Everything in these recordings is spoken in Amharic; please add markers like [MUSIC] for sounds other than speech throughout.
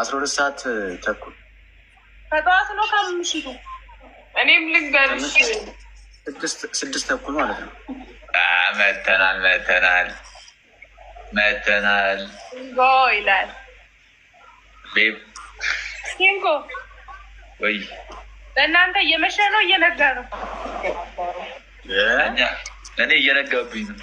አስራ ሁለት ሰዓት ተኩል ከጠዋት ነው ከምሽቱ። እኔም ልንገርሽ ስድስት ተኩል ማለት ነው። መተናል መተናል መተናል ይላል ቤብ ሲንኮ ወይ በእናንተ እየመሸ ነው እየነጋ ነው? እኔ እየነጋብኝ ነው።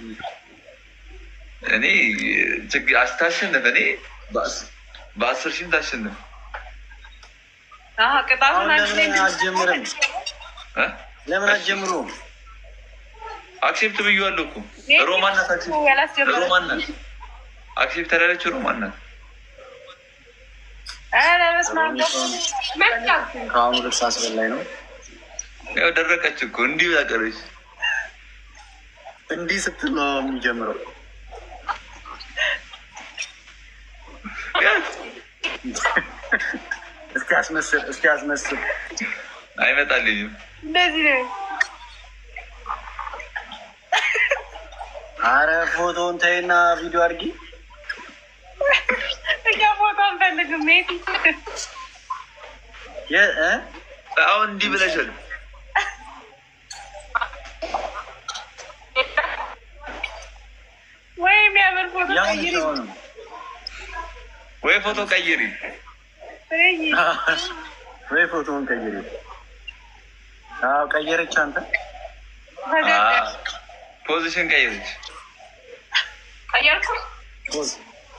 እኔ ታሸንፍ፣ እኔ በአስር ሺህም ታሸንፍ። ለምን አትጀምሩም? አክሴፕት ብዬዋለሁ እኮ ሮማን ናት፣ ሮማን ናት። አክሴፕት ያላለችው ሮማን ናት። ልብስ ነው ያው ደረቀች እኮ እንዲሁ ያቀረች እንዲህ ስትል ነው የሚጀምረው። እስኪ አስመስል፣ እስኪ አስመስል። አይመጣልኝም። እንደዚህ ነው። አረ ፎቶን ተይና ቪዲዮ አድርጊ። እኛ ፎቶ አንፈልግም። አሁን እንዲህ ብለሻል ቀይሪ ወይ ፎቶ ቀይሪ ወይ ፎቶውን ቀይሪ። አዎ ቀየረች። አንተ ፖዚሽን ቀየረች ።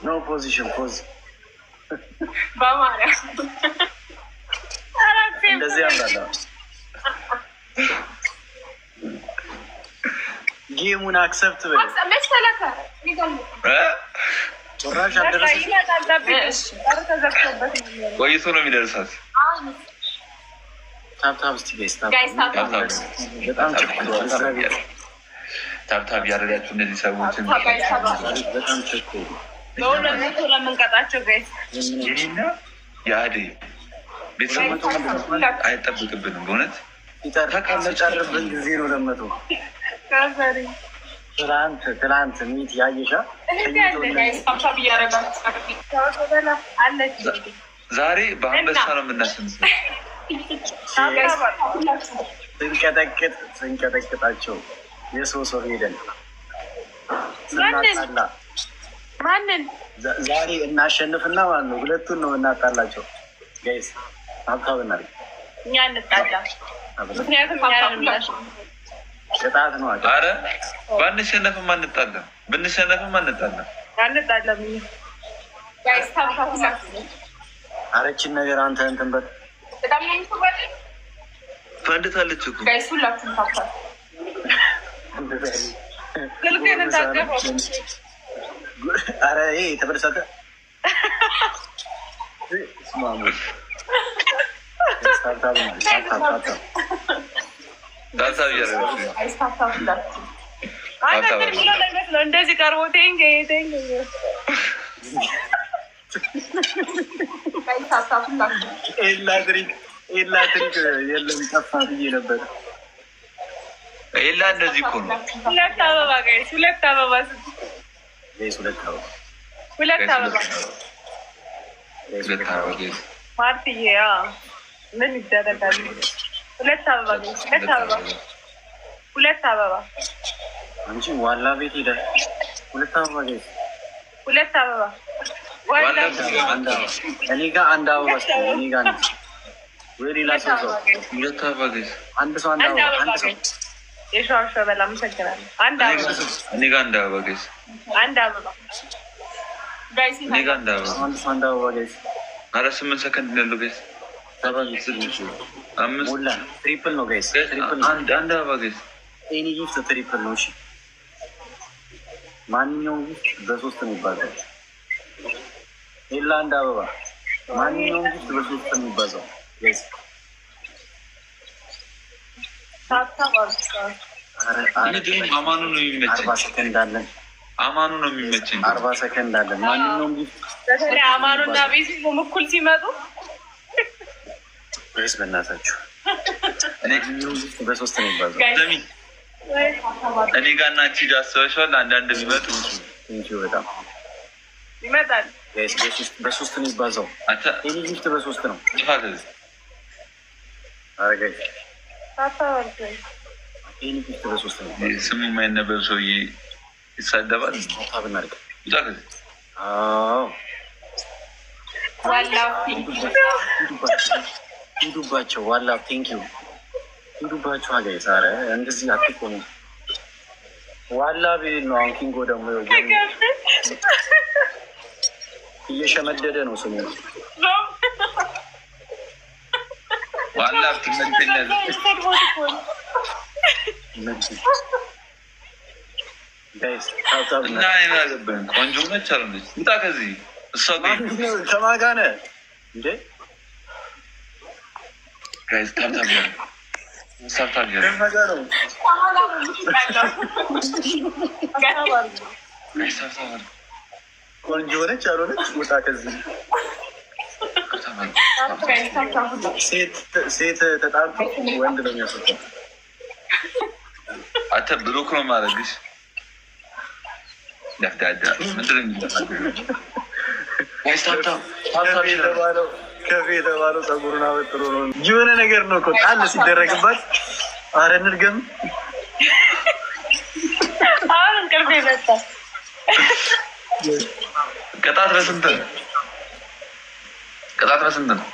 ኖ ፖዚሽን ፖዝ በማርያም እንደዚህ ጌሙን አክሰብት በል ቆይቶ ነው የሚደርሳት። ታብታብ ያደረጋችሁ እነዚህ ሰዎች ለምንቀጣቸው ይህና የአደ ቤተሰቦች አይጠብቅብንም በእውነት ጊዜ ነው ለመቶ ትናንት ትናንት ሚት ያየሻ ዛሬ በአንበሳ ነው የምናስመስል። ስንቀጠቅጥ ስንቀጠቅጣቸው የሰው ሰው ሄደን ስናጣላ ማንን ዛሬ እናሸንፍና ማለት ነው። ሁለቱን ነው እናጣላቸው። ጋይስ ሀብታብናል እኛ እንጣላ ምክንያቱም ቅጣት ነው። አረ ባንሸነፍም አንጣለም፣ ብንሸነፍም አንጣለም። አረችን ነገር አንተ እንትን በል ፈንድታለች እኮ አረ ይሄ ተበደሰተ [LAUGHS] ስማ እንደዚህ ቀርቦ ኤላ ትልቅ የለም ነበር። ኤላ እንደዚህ ሁለት አበባ ሁለት አበባ ሁለት አበባ ሁለት አበባ ምን ይደረጋል? ሁለት አበባ ሁለት አበባ ሁለት አበባ አንቺ ዋላ ቤት ሄደ። ሁለት አበባ ሁለት አበባ እኔ ጋር አንድ አበባ እኔ ወይ ሌላ ሰው ሁለት አበባ አንድ ሰው አንድ አበባ አንድ ሰው አመሰግናለሁ። አንድ አበባ እኔ ጋር አንድ አበባ አንድ አበባ እኔ ጋር አንድ አበባ አንድ ሰው አንድ አበባ ስምንት ሰከንድ ያለው ትሪፕል ነው ጋይስ፣ አንድ አበባ ጋይስ፣ ኤኒ ጊፍት ትሪፕል ነው። እሺ ማንኛውም ጊፍት በሶስት ነው ይባዛል። ሌላ አንድ አበባ ማንኛውም ጊፍት በሶስት ነው ይባዛል። አማኑ ነው የሚመቸኝ። አርባ ሰከንድ አለን። ማንኛውም ጊፍት በተለይ አማኑና ቤት እኩል ሲመጡ ወይስ በእናታችሁ [LAUGHS] እኔ በሶስት ነው ይባላል። እኔ ጋር እና ቺድ አስበሽዋል። አንዳንድ ቢመጡ በጣም ይመጣል። በሶስት ነው ይባዛው። ይህ ጊፍት በሶስት ነው ስሙ የማይነበብ ሰውዬ ይሳደባል። ብናርግ ሂዱባቸው። ዋላ ቴንኪዩ ሂዱባቸው። አገ ሳረ እንደዚህ አትቆሙ። ዋላ ቢል ነው አሁን ኪንጎ ደግሞ እየሸመደደ ነው ስሙ ዋላ ቆንጆ ነች አለች። እንጣ ከዚህ እሷ ከማን እንዴ? ቆንጆ ሆነች ያልሆነች ውጣ ከዚህ ሴት ተጣርቶ ወንድ ነው የሚያስወጣው። አንተ ብሩክ ነው ማድረግሽ። ደፍዳዳ ምንድን ነው የሚለው ከፌ የተባለው ጸጉሩን አበጥሮ ነው። የሆነ ነገር ነው እኮ ጣል ሲደረግባት። አረ እንድገም። አሁን እንቅልፍ የመጣ ቅጣት በስንት ነው? ቅጣት በስንት ነው?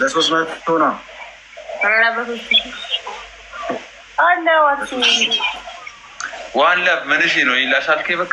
መቶ ነው። ዋን ላብ መንሽ ነው ይላሻል። በቃ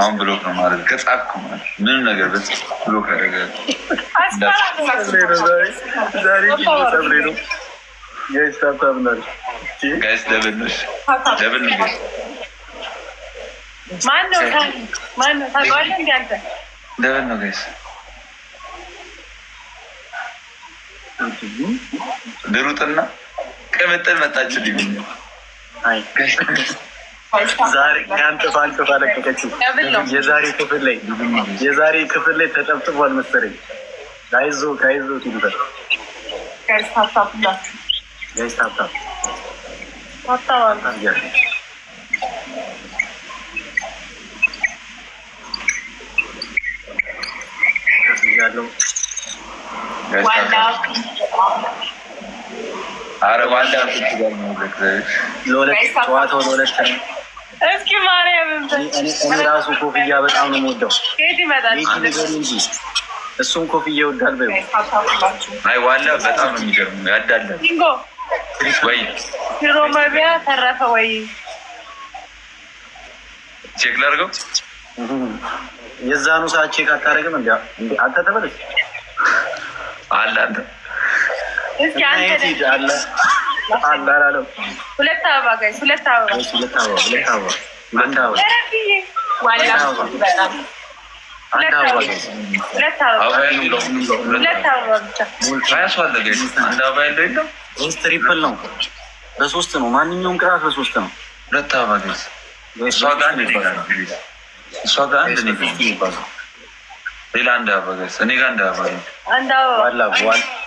አሁን ብሎክ ነው ማለት ከጻፍኩ ማለት ምንም ነገር ብሎክ ያደረገ ደብል ነው ጋይስ። ድሩጥና ቅምጥል ሊሆ አንጥፋ የዛሬ ክፍል ላይ የዛሬ ክፍል ላይ ተጠብጥፏል መሰለኝ። አይዞህ አይዞህ ይሉታል። ኧረ ዋልዳ ጨዋታው ለሁለት እስኪ ማርያም እኔ ራሱ ኮፍያ በጣም ነው የምወደው። ከየት ይመጣል እሱም ኮፍያ ይወዳል። በይ አይ ዋላ በጣም ነው የሚገርሙ ያዳለ ወይ ሽሮ መብያ ተረፈ ወይ ቼክ ላድርገው። የዛኑ ሰዓት ቼክ አታደርግም እንዲ አንተ ተበለች አለ አንተ እስኪ አንተ አለ ሁለት አበባ ሁለት አበባ ሁለት አበባ ትሪፕል ነው። በሶስት ነው። ማንኛውም ቅጣት በሶስት ነው። ሁለት አበባ ጋይስ፣ እሷ ጋር አንድ ሌላ አንድ አበባ ጋይስ፣ እኔ ጋር አንድ አበባ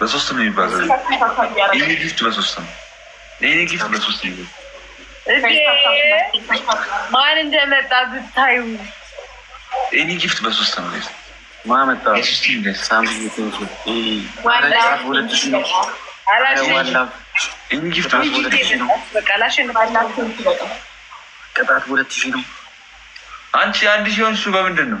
በሶስት ነው የሚባለው። የኔ ጊፍት በሶስት ነው። የኔ ጊፍት በሶስት ነው። ማን እንደመጣ ብታዩ። የኔ ጊፍት በሶስት ነው። ማመጣ ቅጣት ሁለት ሺህ ነው። አንቺ አንድ ሺህ ሆንሽ በምንድን ነው?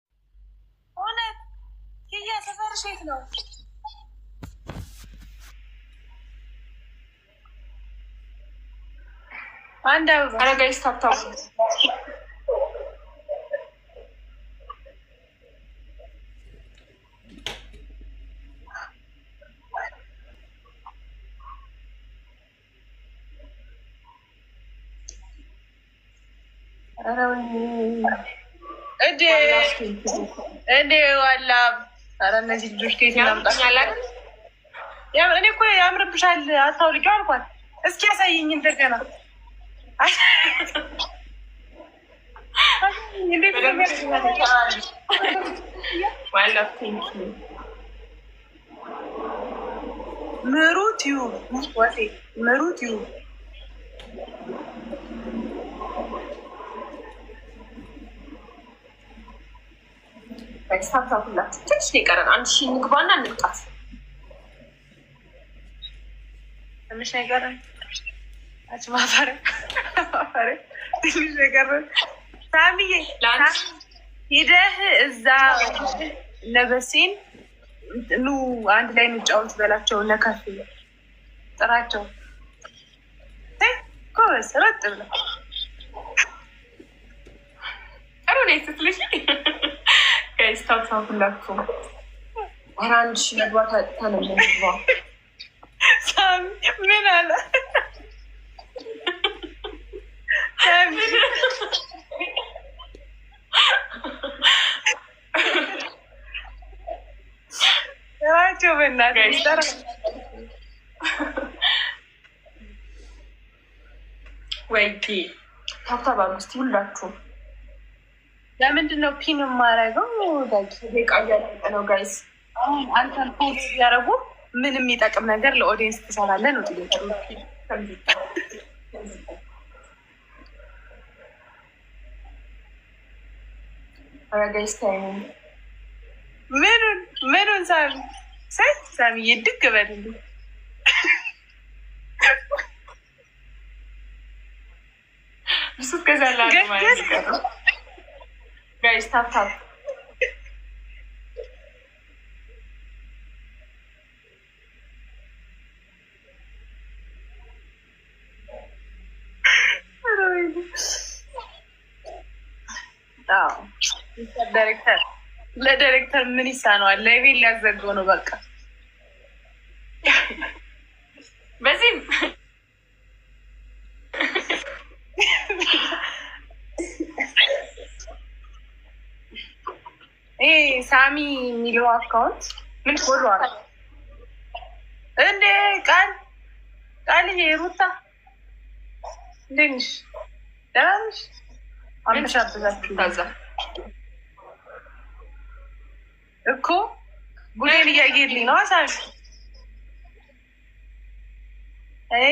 ሴት ነው። አንድ አረጋይ ስታታ እንዴ ዋላ ኧረ እነዚህ ልጆች ከየት እናምጣል? እኔ እኮ ያምርብሻል አታውልቂው አልኳት። እስኪ ያሳየኝ እንደገና ምሩት ዩ ምሩት ዩ ስታብታቡላችሁ ትንሽ ነው የቀረን። አንድ ሺህ እንግባና እንምጣት። ትንሽ ነው የቀረን። ትንሽ ነው የቀረን። ሳሚዬ ሂደህ እዛ ነበሴን ኑ አንድ ላይ እንጫወት በላቸው። ለካፌ ጥራቸው። ጎበዝ ረጥ ብለው ጥሩ ነው ስትልሽ ስታሳም ሁላችሁ ኧረ አንድ ሺህ መግባት ምን አለ ወይ ታብታብ አምስት ሁላችሁ ለምንድን ነው ፒን የማደርገው? ነው ጋይስ አሁን ፖስት ያደረጉ ምን የሚጠቅም ነገር ለኦዲየንስ ትሰራለ ነው ጥያቄ። ምኑን ምኑን ሳሚ ሳይ ሳሚ ይድግ በልልኝ እሱ ከዛ Guys, tap ለዳይሬክተር ምን ይሳነዋል? ለቤት ሊያዘገው ነው በቃ ሳሚ የሚለው አካውንት ምን ፎሎ አረ እንዴ ቃል ቃል ሩታ እንደንሽ ደህናሽ አመሻብዛችሁ ታዛ እኮ ጉዴን እያየልኝ ነው። አሳሽ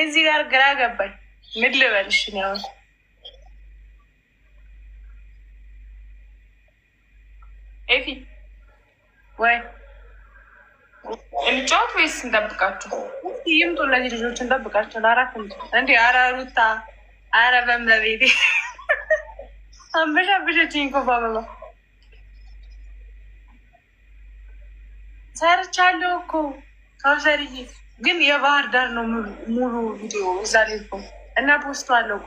እዚህ ጋር ግራ ገባኝ። ምን ልበልሽ ነው? ኤፊ ወይ እንጫወት ወይስ እንጠብቃቸው? ይምጡ እነዚህ ልጆች እንጠብቃቸው። ለአራት እንዲ አረ ሩታ አረ በመቤቴ አንበሻ ብሸችኝ እኮ ሰርቻለሁ እኮ ከሰርዬ ግን የባህር ዳር ነው ሙሉ ቪዲዮ እዛ ላይ እና ፖስቱ አለው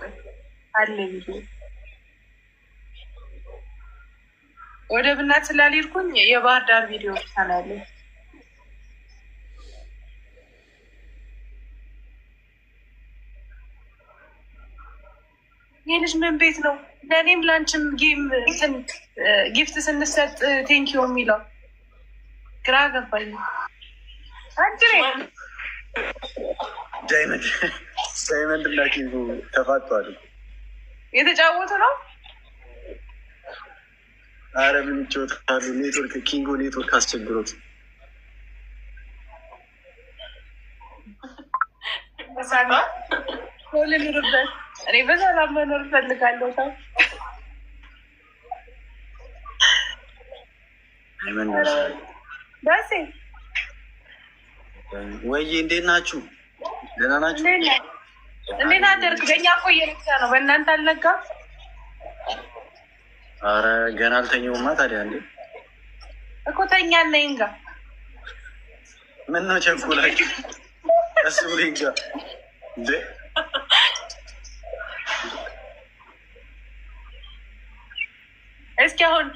አለ ቪዲዮ ወደ ብናት ስላልሄድኩኝ የባህር ዳር ቪዲዮ ታናለ የልጅ ምን ቤት ነው ለእኔም ላንችም ጊፍት ስንሰጥ ቴንኪ የሚለው ግራ ገባኝ። ዳይመንድ እና ኪንጉ ተፋጠዋል። የተጫወቱ ነው አረ ምን ይጫወታሉ? ኔትወርክ ኪንጎ ኔትወርክ አስቸግሮት ልኑርበት። እኔ በሰላም መኖር እፈልጋለሁ። ሰው ወይ እንዴት ናችሁ? ደህና ናችሁ? እንዴት አደርግ? በእኛ እኮ እየነጋ ነው። በእናንተ አልነጋም። አረ ገና አልተኘውማ። ታዲያ እንዴ እኮ ተኛለኝ። እንጋ ምነው ቸኩላችሁ? ቀስ ብሎ ይንጋ እንዴ እስኪ አሁን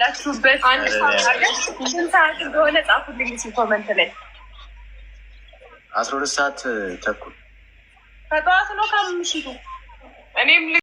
ላችሁበት አንድ ሰዓት እንደሆነ ጻፉልኝ ኮመንት ላይ። አስራ ሁለት ሰዓት ተኩል ከጠዋት ነው ከምሽቱ እኔም